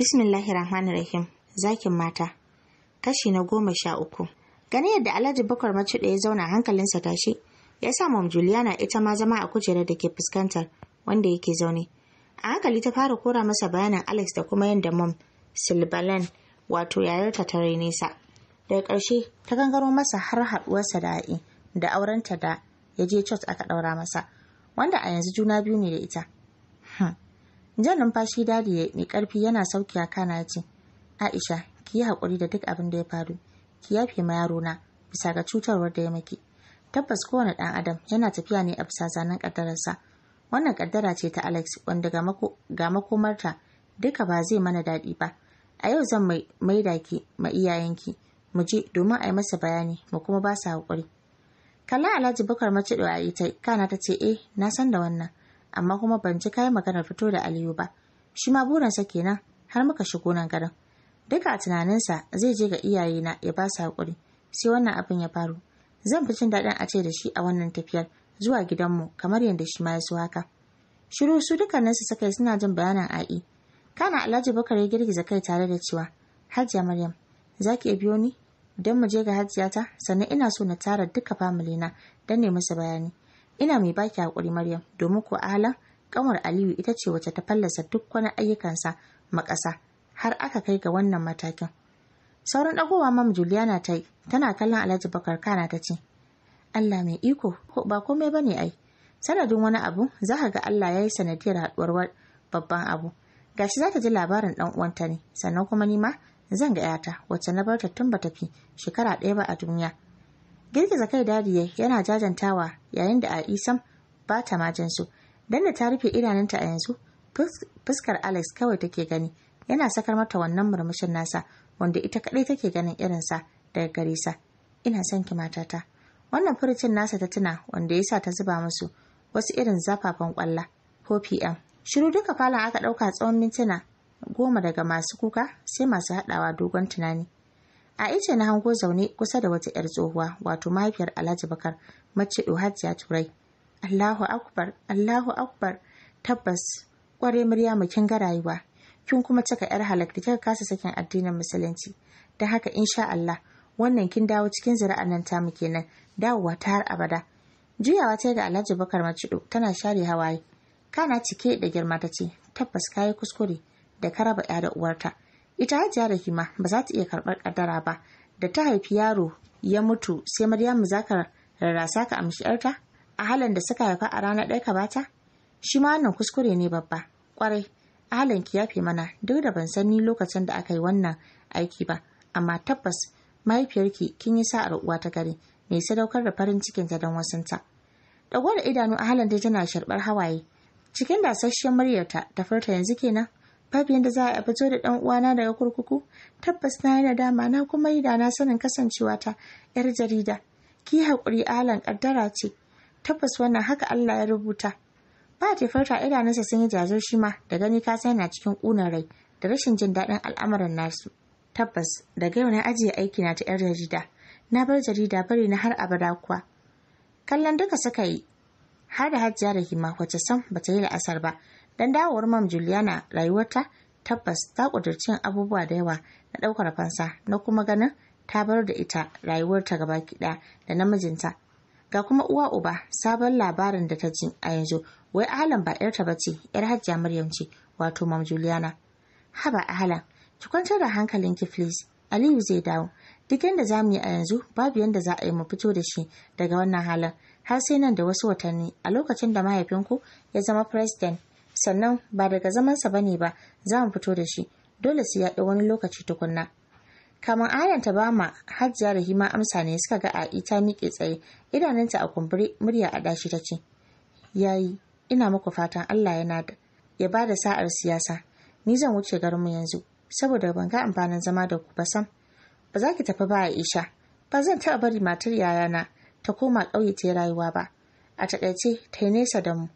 Bismillahir Rahmanir Rahim. Zakin mata. Kashi na goma sha uku. Gani yadda Alhaji Bakar ɗaya ya zauna hankalinsa tashi, ya sa Mam Juliana ita ma zama a kujerar da ke fuskantar wanda yake zaune. A hankali ta fara kora masa bayanin Alex da kuma yadda Mom Silbalan wato yayarta ta nesa. Daga ƙarshe ta gangaro masa har haɗuwarsa da A'i da aurenta da ya je church aka ɗaura masa, wanda a yanzu juna biyu ne da ita. Hmm. jan numfashi dadi ya mai karfi yana sauki a kana ya ce aisha ki yi haƙuri da duk abin da ya faru ki yafe ma yaro na bisa ga cutarwar da ya maki tabbas kowane ɗan adam yana tafiya ne a bisa zanen ƙaddararsa wannan ƙaddara ce ta alex wanda ga makomarta duka ba zai mana daɗi ba a yau zan mai da ki ma iyayenki mu je domin a yi masa bayani mu kuma ba sa haƙuri kalla alhaji bakar Macedo a ita kana ta ce eh na san da wannan amma kuma ban ji kayan maganar fito da Aliyu ba. Shi ma burinsa kenan har muka shigo nan garin. Duka a tunaninsa zai je ga iyayena ya ba su haƙuri. Sai wannan abin ya faru. Zan fi jin daɗin a ce da shi a wannan tafiyar zuwa gidanmu kamar yadda shi ma ya so haka. Shiru su dukkaninsu suka yi suna jin bayanin a'i. Kana Alhaji Bakar ya girgiza kai tare da cewa Hajiya Maryam za ki biyo ni don mu je ga hajiyata sannan ina so na tara duka famili na don ne su bayani. ina mai baki hakuri Maryam domin ko ala kanwar Aliyu ita ce wacce ta fallasa duk wani ayyukansa makasa har aka kai ga wannan matakin sauran dagowa mam Juliana ta yi tana kallon Alhaji Bakar kana ta ce Allah mai iko ba komai ba ne, ai sanadin wani abu za ka ga Allah ya yi sanadiyar haɗuwar babban abu gashi za ta ji labarin dan uwanta ne sannan kuma ni ma zan ga yata wacce na barta tun ba tafi shekara ɗaya ba a duniya girgiza kai dariye yana jajantawa yayin da a isam ba ta majinsu dan da ta rufe idanunta a yanzu fuskar alex kawai take gani yana sakar mata wannan murmushin nasa wanda ita kaɗai take ganin irinsa daga gare sa ina son ki matata wannan furucin nasa ta tuna wanda ya sa ta zuba musu wasu irin zafafan kwalla ko pm shiru duka falon aka ɗauka tsawon mintuna goma daga masu kuka sai masu haɗawa dogon tunani Aisha na hango zaune kusa da wata 'yar tsohuwa wato mahaifiyar alhaji bakar mace hajjiya turai allahu akbar allahu akbar tabbas kware, murya mu kin ga rayuwa kin kuma cika 'yar halak da kika kasa sakin addinin musulunci da haka insha Allah wannan kin dawo cikin zira'an nan tamu kenan dawowa ta har abada juyawa ta ga Alhaji Bakar Macido tana share hawaye kana cike da girma ta ce tabbas kayi kuskure da ka raba 'ya da uwarta ita hajiya rahima ba za ta iya karɓar ƙaddara ba da ta haifi yaro ya mutu sai maryamu za ka rarrasa ka amshi yarta a halin da suka haifa a rana ɗaya ka bata shi ma wannan kuskure ne babba Ƙwarai, a halin ki yafe mana duk da ban san ni lokacin da aka yi wannan aiki ba amma tabbas mahaifiyarki kin yi sa'ar uwa ta gari mai sadaukar da farin cikin ta don wasunta ɗago da idanu a halin tana sharɓar hawaye cikin dasasshen muryarta ta furta yanzu kenan babu da za a fito da ɗan uwana daga kurkuku tabbas na yi nadama na kuma yi da na sanin kasancewa ta. yar jarida ki haƙuri alan ƙaddara ce tabbas wannan haka Allah ya rubuta ba ta farta idanunsa sun yi jajir shi ma da gani ka sai na cikin ƙunar rai da rashin jin daɗin al'amuran nasu tabbas daga yau na ajiye aiki na ta yar jarida na bar jarida bari na har abada kuwa kallon duka suka yi har da hajjiya da hima wacce san bata yi la'asar ba dan dawowar mam juliana rayuwarta tabbas ta ƙudurcin abubuwa da yawa na ɗaukar fansa na kuma ganin ta bar da ita rayuwarta gaba kiɗa da na mijinta ga kuma uwa uba sabon labarin da ta ji a yanzu wai ahalan ba yarta ba ce yar hajjiya maryam ce wato mam juliana haba ahalan ki kwantar da hankalinki please aliyu zai dawo duk yadda za mu yi a yanzu babu yadda za a yi mu fito da shi daga wannan halin har sai nan da wasu watanni a lokacin da mahaifinku ya zama president sannan ba daga zamansa ba ne ba za mu fito da shi dole su yaɗa wani lokaci tukunna kamar ayan ta bama hajjiya da hima amsa ne suka ga a ita miƙe tsaye idanunta a kumbure murya a dashi ta ce yayi ina muku fatan allah yana da ya ba da sa'ar siyasa ni zan wuce garinmu yanzu saboda ban ga amfanin zama da ku ba sam ba za ki tafi ba aisha ba zan taɓa bari matar yayana ta koma ƙauye ta rayuwa ba a taƙaice ta yi nesa da mu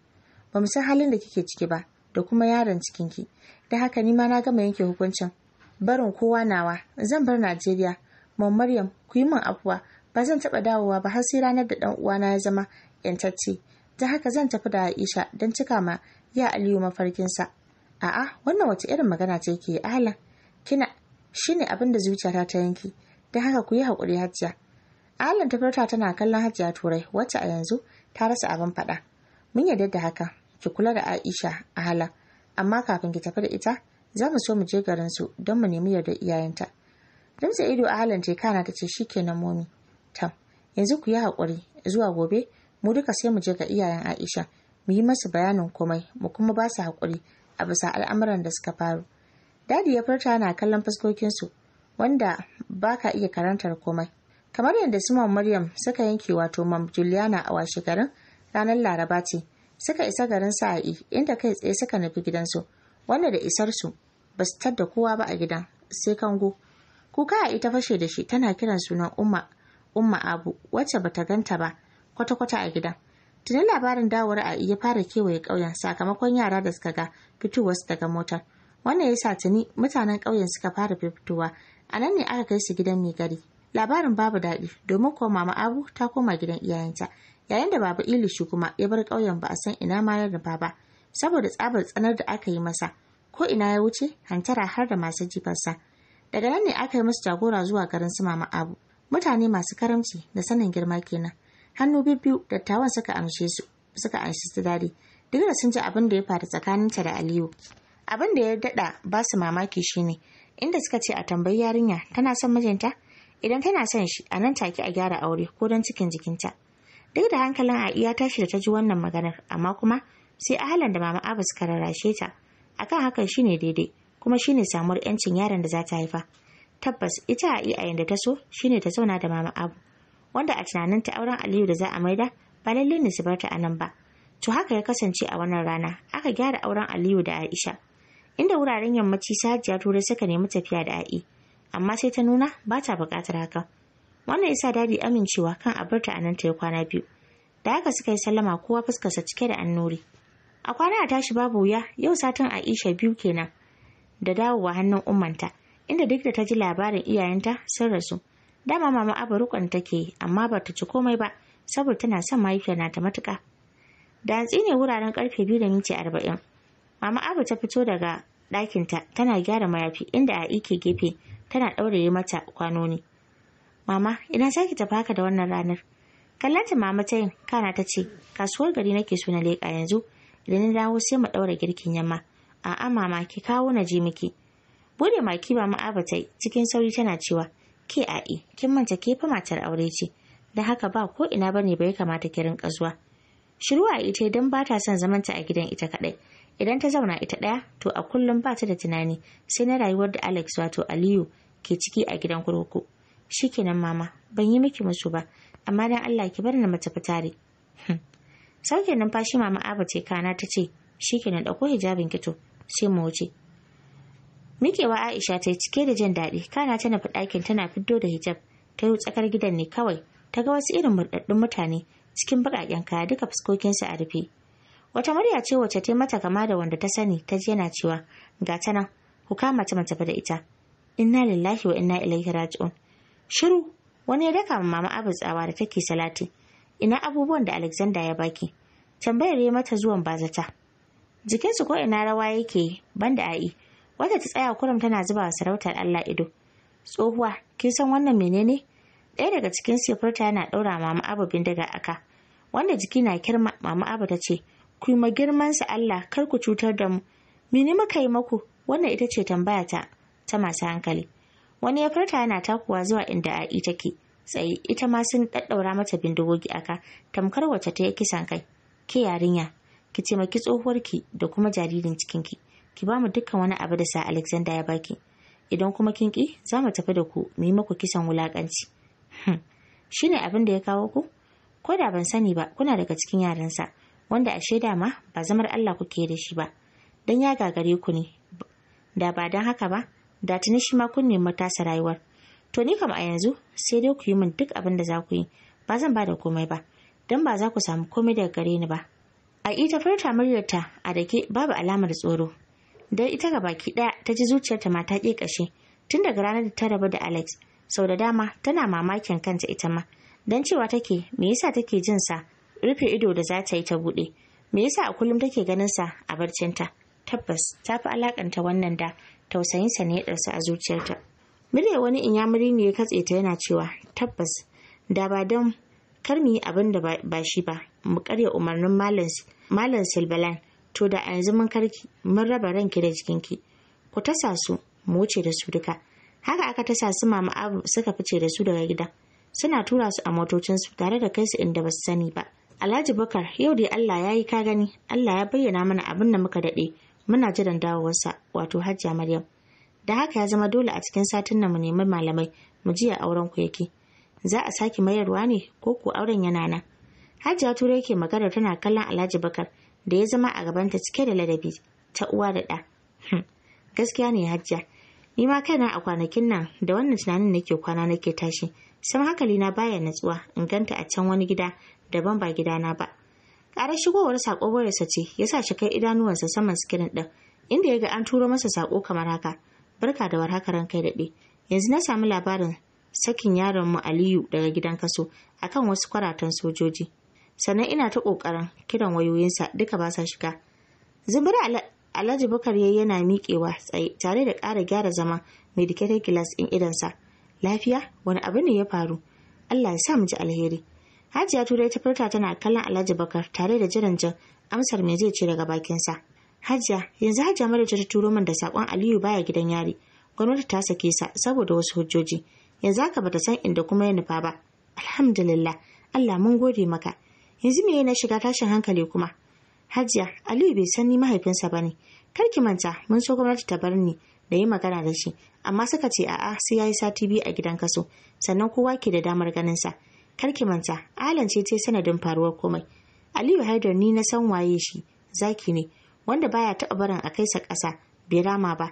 ba mu san halin da kike ciki ba da kuma yaron cikin ki da haka ni ma na gama yanke hukuncin barin kowa nawa zan bar najeriya mam maryam ku yi min afuwa ba zan taɓa dawowa ba har sai ranar da ɗan uwana ya zama yantacce ta haka zan tafi da aisha don cika ma ya aliyu mafarkinsa a'a wannan wace irin magana ce ke ala kina shine abin da zuciyata ta yanke Da haka ku yi haƙuri hajjiya alan ta furta tana kallon hajjiya turai wacce a yanzu ta rasa abin faɗa mun yarda da haka ki kula da Aisha a hala amma kafin ki tafi da ita za mu so mu je garin su don mu nemi yardar iyayenta Rimsa ido a halin kana ta ce shikenan momi tam yanzu ku yi haƙuri zuwa gobe mu duka sai mu je ga iyayen Aisha mu yi masu bayanin komai mu kuma ba su haƙuri a bisa al'amuran da suka faru dadi ya furta na kallon fuskokinsu wanda ba ka iya karantar komai kamar yadda Simon Maryam suka yanke wato Mam Juliana a washe garin ranar Laraba ce suka isa garin sa'i inda kai tsaye suka nufi gidansu wanda da isarsu ba su tadda kowa ba a gidan sai kango kuka a ita fashe da shi tana kiran sunan umma umma abu wacce bata ganta ba kwata-kwata a gidan tuni labarin dawar a ya fara kewaye ƙauyen sakamakon yara da suka ga su daga motar wannan yasa tuni mutanen ƙauyen suka fara fitowa a nan ne aka kai su gidan mai gari labarin babu daɗi domin ko mama abu ta koma gidan iyayenta yayin da baba ilishi kuma ya bar ƙauyen ba a san ina ma ya nufa ba saboda tsabar tsanar da aka yi masa ko ina ya wuce hantara har da masu jifarsa daga nan ne aka yi masa jagora zuwa garin su mama abu mutane masu karamci da sanin girma kenan hannu bibbiyu dattawan suka amshe su suka amshe su dadi duk da sun ji abin da ya faru tsakaninta da aliyu abin da ya dada ba su mamaki shine inda suka ce a tambayi yarinya tana son mijinta idan tana son shi a nan take a gyara aure ko don cikin jikinta duk da hankalin a iya tashi da ta ji wannan maganar amma kuma sai ahalan da mama abu suka rarrashe ta akan hakan shine daidai kuma shine samuwar yancin yaron da za ta haifa tabbas ita a iya yanda ta so shine ta zauna da mama abu wanda a tunanin ta auren aliyu da za a maida ba lallai ne su bar ta a nan ba to haka ya kasance a wannan rana aka gyara auren aliyu da aisha inda wuraren yammaci sajiya turai suka nemi tafiya da a'i amma sai ta nuna ba ta bukatar haka wannan sa dadi amincewa kan abarta a nan ta yi kwana biyu da haka suka yi sallama kowa fuskarsa cike da annuri a kwana a tashi babu wuya yau satin aisha biyu kenan da dawowa hannun ummanta inda duk da ta ji labarin iyayenta sun rasu dama mama abu rukon take yi amma ba ta ci komai ba saboda tana son mahaifiyar na ta matuka da hantsi ne wuraren karfe biyu da minti arba'in mama abu ta fito daga ɗakinta tana gyara mayafi inda a ike gefe tana ɗauraye mata kwanoni mama ina sake tafi haka da wannan ranar kallanta mama ta yin kana ta ce kasuwar gari nake suna na leƙa yanzu idan na dawo sai mu ɗaura girkin yamma a'a mama ki kawo na je miki bude maki ba ma'aba ta cikin sauri tana cewa ke E kin manta ke fa matar aure ce da haka ba ko ina ba ne bai kamata ki rinƙa zuwa shiru a ita idan ba ta son zamanta a gidan ita kaɗai idan ta zauna ita ɗaya, to a kullum ba ta da tunani sai na rayuwar da Alex wato Aliyu ke ciki a gidan kurkuku shikenan mama ban yi miki musu ba amma dan Allah ki bar ni mata fita tare hmm. sauke numfashi mama aba ce kana ta ce shikenan dauko hijabin kito sai mu wuce mikewa Aisha ta cike da jin daɗi kana tana nufi ɗakin tana fiddo da hijab ta yi tsakar gidan ne kawai ta ga wasu irin murɗaɗɗun mutane cikin baƙaƙen kaya duka fuskokinsu a rufe wata murya ce wacce ta mata kama da wanda ta sani ta ji yana cewa ga ta nan ku kama ta mata da ita inna lillahi wa inna ilaihi raji'un shiru wani ya daka ma mama abu tsawa da take salati ina abubuwan da alexander ya baki tambayar ya mata zuwan bazata jikinsu ko ina rawa yake banda a'i wata ta tsaya kurum tana zuba wa sarautar allah ido tsohuwa kin san wannan menene ɗaya daga cikin sifirta yana ɗaura mama abu bindiga aka wanda jiki na kirma mama abu ta ce ku yi girmansa allah kar ku cutar da mu mene muka yi maku wannan ita ce tambayata ta ta masu hankali wani ya furta yana takuwa zuwa inda a a'i take tsaye ita ma sun daddaura mata bindigogi aka tamkar wace ta yi kisan kai ke yarinya ki taimaki ki da kuma jaririn cikin ki ba mu dukkan wani abu da sa alexander ya baki idan kuma kin ki za mu tafi da ku mu yi maku kisan wulakanci hmm. shine abin da ya kawo ku ko da ban sani ba kuna daga cikin yaransa wanda a shaida ma ba zamar Allah kuke da shi ba dan ya gagare ku ne da ba dan haka ba da tuni shi ma kun nemi tasa rayuwar to ni kam a yanzu sai dai ku yi min duk abin da za ku yi ba zan ba da komai ba don ba za ku samu komai daga gare ni ba a ita furta muryarta a dake babu alamar tsoro dan ita ga baki ɗaya ta ji zuciyarta ma ta kashe tun daga ranar da ta rabu da Alex sau da dama tana mamakin kanta ita ma dan cewa take me yasa take jin sa rufe ido da za ta yi ta buɗe? me yasa a kullum take ganin sa a barcinta tabbas ta fi alakanta wannan da tausayinsa ne ya ɗarsa a zuciyarta murya wani inyamuri ne ya katse ta yana cewa tabbas da ba don kar mu yi abin da ba shi ba mu karya umarnin malam silbalan to da a yanzu mun karki mun raba ranki da jikinki ku tasa su mu wuce da su duka haka aka tasa su mama abu suka fice da su daga gida suna tura su a motocinsu tare da kai su inda ba su sani ba alhaji bakar yau dai allah ya yi ka gani allah ya bayyana mana abin da muka daɗe muna jiran dawowarsa wato hajjiya maryam da haka ya zama dole a cikin satin nan mu nemi malamai mu ji a auren ku yake za a sake mayarwa ne ko ko auren yana nan hajjiya turai ke magana tana kallon alhaji bakar da ya zama a gabanta cike da ladabi ta uwa da ɗa hmm, gaskiya ne hajjiya ni ma kaina a kwanakin nan da wannan tunanin nake kwana nake tashi sam hankali na baya natsuwa in ganta a can wani gida daban ba gidana ba Ƙarar shigowar saƙo wayarsa ce ya sa shi kai idanuwansa saman sikirin ɗin inda ya ga an turo masa saƙo kamar haka. Barka da warhaka ran kai daɗe. Yanzu na samu labarin sakin yaron mu Aliyu daga gidan kaso akan wasu kwaratan sojoji. Sannan ina ta ƙoƙarin kiran wayoyinsa duka ba sa shiga. Zumbura Alhaji Bukar yayi yana miƙewa tsaye tare da ƙara gyara zama medicated glass ɗin idansa. Lafiya wani abu ne ya faru? Allah ya sa mu ji alheri. Hajiya Turai ta furta tana kallon Alhaji Bakar tare da jiran jin amsar me zai ce daga bakinsa. Hajiya, yanzu Hajiya Maryam ta turo min da sakon Aliyu baya gidan yari. Gwamnati ta sake sa saboda wasu hujjoji. Yanzu haka bata san inda kuma ya nufa ba. Alhamdulillah, Allah mun gode maka. Yanzu me na shiga tashin hankali kuma? Hajiya, Aliyu bai san ni mahaifinsa bane. Kar ki manta, mun so gwamnati ta bar ni da yi magana da shi, amma suka ce a'a sai yayi sati biyu a gidan kaso, sannan kowa ke da damar ganin sa. karki manta, Alan ce ta sanadin faruwar komai. Aliyu Haidar ni na san waye shi, zaki ne, wanda baya taɓa barin a kaisa ƙasa, bai rama ba.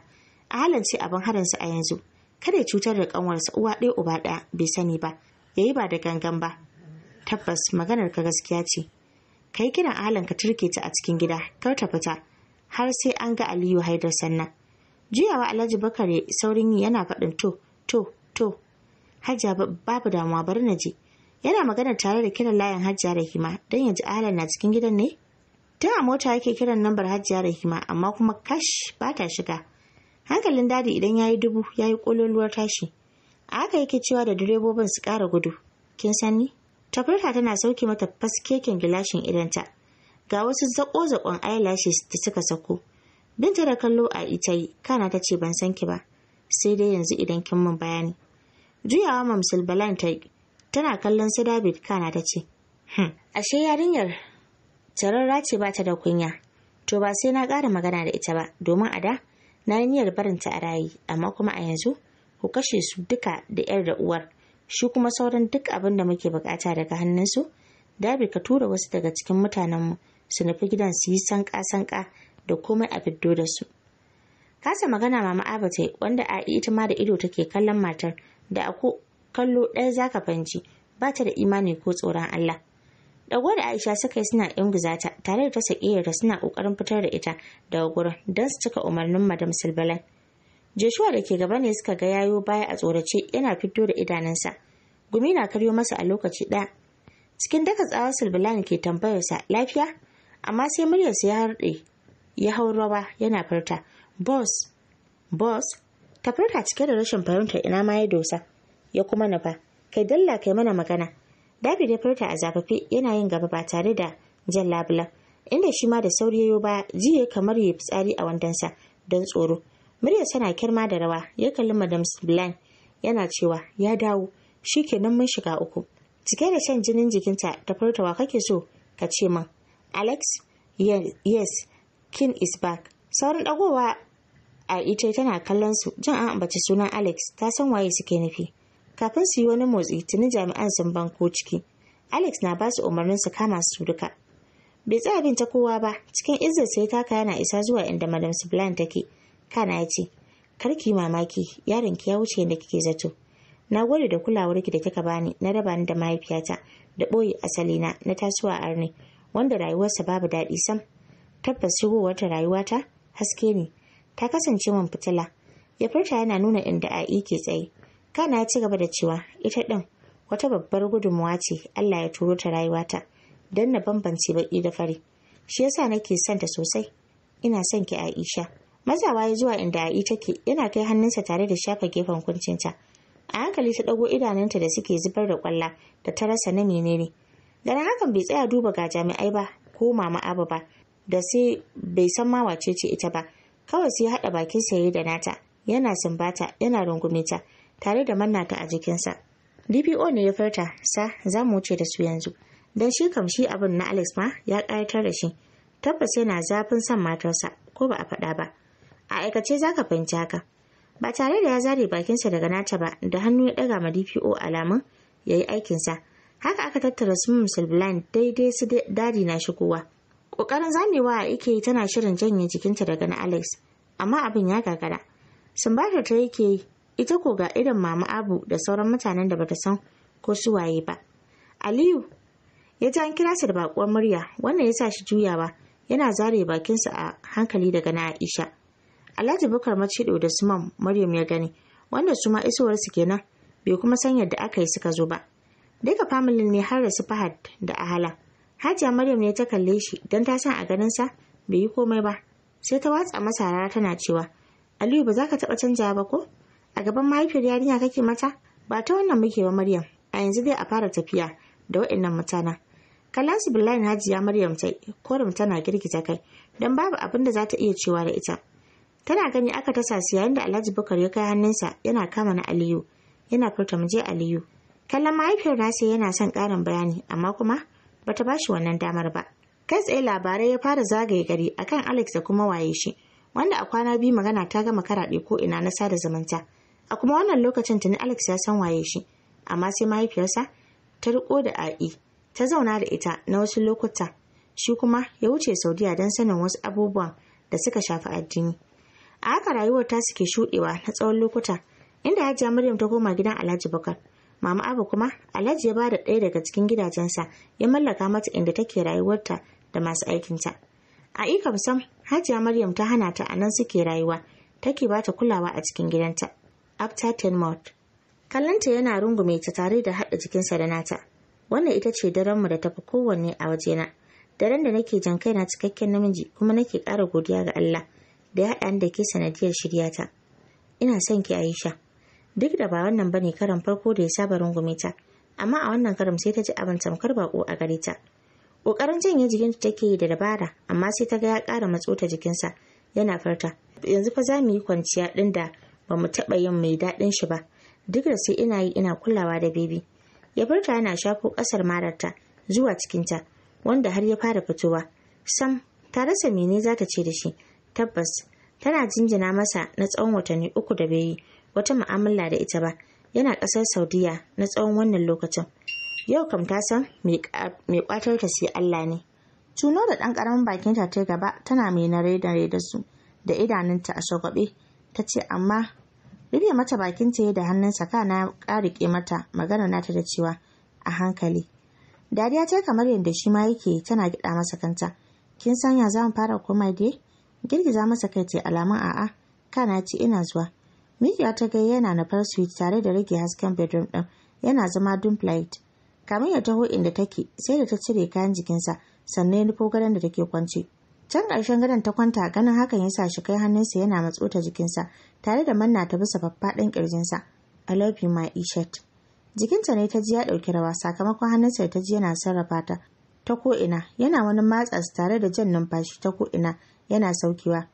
Alan ce abin harinsa a yanzu. Kada ya cutar da ƙanwarsa uwa ɗaya uba ɗaya bai sani ba, ya yi ba da gangan ba. Tabbas maganar ka gaskiya ce. Kai kiran Alan ka turke ta a cikin gida, kar ta fita, har sai an ga Aliyu Haidar sannan. Juyawa Alhaji Bakare saurin yana faɗin to, to, to. Hajiya babu damuwa bari na je. yana magana tare da kiran layin da rahima don yanzu ji alan na cikin gidan ne ta mota yake kiran lambar da rahima amma kuma kash ba ta shiga hankalin dadi idan ya yi dubu ya yi ƙololuwar tashi a haka yake cewa da direbobin su ƙara gudu kin sani tafirta tana sauke mata faskeken gilashin idanta ga wasu zaƙo-zaƙon eyelashes da suka sako binta da kallo a ita yi kana ta ce ban san ki ba sai dai yanzu idan kin min bayani juyawa ma balan ta tana kallon su David kana ta ce, "Hm, ashe yarinyar tararra ce ba ta da kunya, to ba sai na ƙara magana da ita ba, domin a da na yi niyyar barinta a rayi, amma kuma a yanzu ku kashe su duka da 'yar da uwar, shi kuma sauran duk abin da muke bukata daga hannunsu, David ka tura wasu daga cikin mutanenmu su nufi gidan su yi sanka-sanka da komai a fiddo da su. Kasa magana mama Abatai wanda a ita ma da ido take kallon matar da ako kallo ɗaya za ka fanci ba ta da imani ko tsoron Allah Dago da Aisha suka yi suna ɗin guzata, tare da ta sakiyarta suna ƙoƙarin fitar da ita daga gurin don su cika umarnin Madam Silbalan. Joshua da ke gaba ne suka ga yayo baya a tsorace yana fito da idanunsa. Gumi na karyo masa a lokaci ɗaya. Cikin daka tsawa Silbalan ke tambayarsa lafiya? Amma sai muryarsa ya harɗe ya hau rawa yana furta. Boss, boss, ta furta cike da rashin fahimtar ina ma ya dosa. ya kuma nufa kai dalla kai mana magana dabi da furta a zafafe yana yin gaba ba tare da jan labulan inda shi ma da sauri yayo ba jiya kamar ya fitsari a sa don tsoro murya tana kirma da rawa ya kalli madam blan yana cewa ya dawo shi kenan mun shiga uku cike da shan jinin jikinta ta furtawa kake so ka ce min alex yes kin is back sauran dagowa a ita tana kallon su jin an ambaci sunan alex ta san waye suke nufi kafin su yi wani motsi tuni jami'an sun banko ciki alex na ba su umarnin su kama su duka bai tsaya bin ta kowa ba cikin izzar sai taka yana isa zuwa inda madam sublan take kana ya ce karki mamaki yaron ki ya wuce yadda kike zato na gode da kulawar ki da kika bani na raba ni da mahaifiyata da ɓoye asali na na tasowa arne wanda rayuwarsa babu daɗi sam tabbas shigowar ta rayuwata haske ne ta kasance man fitila ya furta yana nuna inda a'i ke tsaye kana ya ci gaba da cewa ita ɗin wata babbar gudunmawa ce Allah ya turo ta rayuwata don na bambance baki da fari shi yasa nake son ta sosai ina son ki Aisha mazawa ya zuwa inda aisha take yana kai hannunsa tare da shafa gefen kuncinta a hankali ta ɗago idanunta da suke zubar da kwalla da ta rasa na menene ganin hakan bai tsaya duba ga jami'ai ba ko mama abu ba da sai bai san ma wace ce ita ba kawai sai ya haɗa bakin saye da nata yana sumbata yana rungume ta tare da mannata a jikinsa dpo ne ya furta sa za mu wuce da su yanzu don shi kam shi abin na alex ma ya ƙayatar da shi tabbas yana zafin son matarsa ko ba a faɗa ba a aikace za ka fahimci haka ba tare da ya zare bakinsa daga nata ba da hannu ya ɗaga ma dpo alamun ya yi aikinsa haka aka tattara su musulblan daidai su dadi na shigowa ƙoƙarin zamewa yake tana shirin janye jikinta daga na alex amma abin ya gagara sumbatar ta yake ita ko ga irin mama abu da sauran mutanen da bata san ko su waye ba aliyu ya ji an kira sa da bakuwar murya wannan ya sa shi juyawa yana zare bakinsa a hankali daga na aisha alhaji bukar macido da suman maryam ya gani wanda su ma isowarsu kenan bai kuma san yadda aka yi suka zo ba duka familin ne har da su fahad da ahala hajiya maryam ne ta kalle shi don ta san a ganin sa bai yi komai ba sai ta watsa masa rara tana cewa aliyu ba za ka taɓa canjawa ba ko a gaban mahaifiyar yarinya kake mata ba ta wannan muke ba maryam a yanzu dai a fara tafiya da waɗannan mutanen kalansu billahi hajiya maryam tai mu tana girgiza kai don babu abin da za ta iya cewa da ita tana gani aka tasa su yayin da alhaji bukar ya kai hannunsa yana kama na aliyu yana furta mu je aliyu kallon mahaifiyar nasa yana son karin bayani amma kuma bata bashi wannan damar ba kai tsaye labarai ya fara zagaye gari akan alex da kuma waye shi wanda a kwana biyu magana ta gama karaɗe ko ina na sada zumunta a kuma wannan lokacin tuni alex ya san waye shi amma sai mahaifiyarsa ta riko da a'i ta zauna da ita na wasu lokuta shi kuma ya wuce saudiya don sanin wasu abubuwan da suka shafi addini a haka rayuwar ta suke shuɗewa na tsawon lokuta inda hajiya maryam ta koma gidan alhaji bakar mama abu kuma alhaji ya bada ɗaya daga cikin gidajensa ya mallaka mata inda take rayuwarta da masu aikinta a ikam sam hajiya maryam ta hana ta a nan suke rayuwa take bata kulawa a cikin gidanta after ten month kallanta yana rungume ta tare da haɗa jikinsa da nata wannan ita ce daren mu da tafi kowanne a wajena daren da nake jan na cikakken namiji kuma nake ƙara godiya ga Allah da ya haɗa da ke sanadiyar shiryata ina son ki Aisha duk da ba wannan bane karan farko da ya saba rungume ta amma a wannan karam sai ta ji abin tamkar bako a gare ta Ƙoƙarin janye jikinta take yi da dabara amma sai ta ga ya ƙara matso ta jikinsa yana farta yanzu fa za mu yi kwanciya ɗin da ba mu taɓa yin mai daɗin shi ba duk da sai ina yi ina kulawa da bebi ya bar yana shafo ƙasar mararta zuwa cikinta wanda har ya fara fitowa sam ta rasa mene za ta ce da shi tabbas tana jinjina masa na tsawon watanni uku da bai yi wata mu'amala da ita ba yana ƙasar saudiya na tsawon wannan lokacin yau kam ta san mai kwatar ta sai allah ne tuno da ɗan ƙaramin bakinta ta gaba tana mai na reda su da idanunta a shagwabe ta ce amma rufe mata bakin ta da hannunsa kana karike mata magana nata da cewa a hankali dariya ta kamar yadda shi ma yake tana gida masa kanta kin san ya zamu fara komai dai girgiza masa kai ce alamun a'a kana ci ina zuwa mijiya ta ga yana na far suite tare da rage hasken bedroom ɗin. yana zama dun light kamar ya taho inda take sai da ta cire kayan jikinsa sannan ya nufo gadon da take kwance can ƙarshen gadon ta kwanta ganin hakan ya sa shi kai hannunsa yana matso ta jikinsa tare da manna ta bisa faffaɗan ƙirjinsa I love you my jikinta ne ta ji ya ɗauki rawa sakamakon hannunsa ta ji yana sarrafa ta ta ko'ina yana wani matsa tare da jan numfashi ta ko'ina yana saukewa